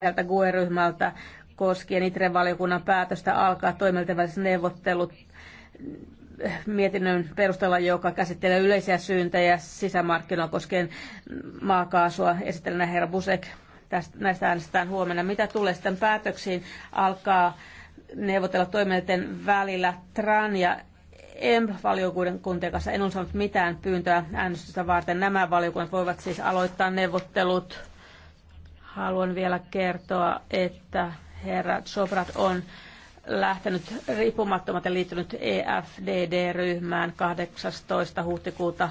tältä GUE-ryhmältä koskien itre valiokunnan päätöstä alkaa toimiltaväliset neuvottelut mietinnön perusteella, joka käsittelee yleisiä syyntejä sisämarkkinoilla koskien maakaasua. Esittelen herra Busek. Tästä, näistä äänestetään huomenna. Mitä tulee sitten päätöksiin, alkaa neuvotella toimijoiden välillä TRAN ja EMP-valiokunnan kuntien kanssa. En ole saanut mitään pyyntöä äänestystä varten. Nämä valiokunnat voivat siis aloittaa neuvottelut Haluan vielä kertoa, että herra Sobrat on lähtenyt riippumattomat ja liittynyt EFDD-ryhmään 18. huhtikuuta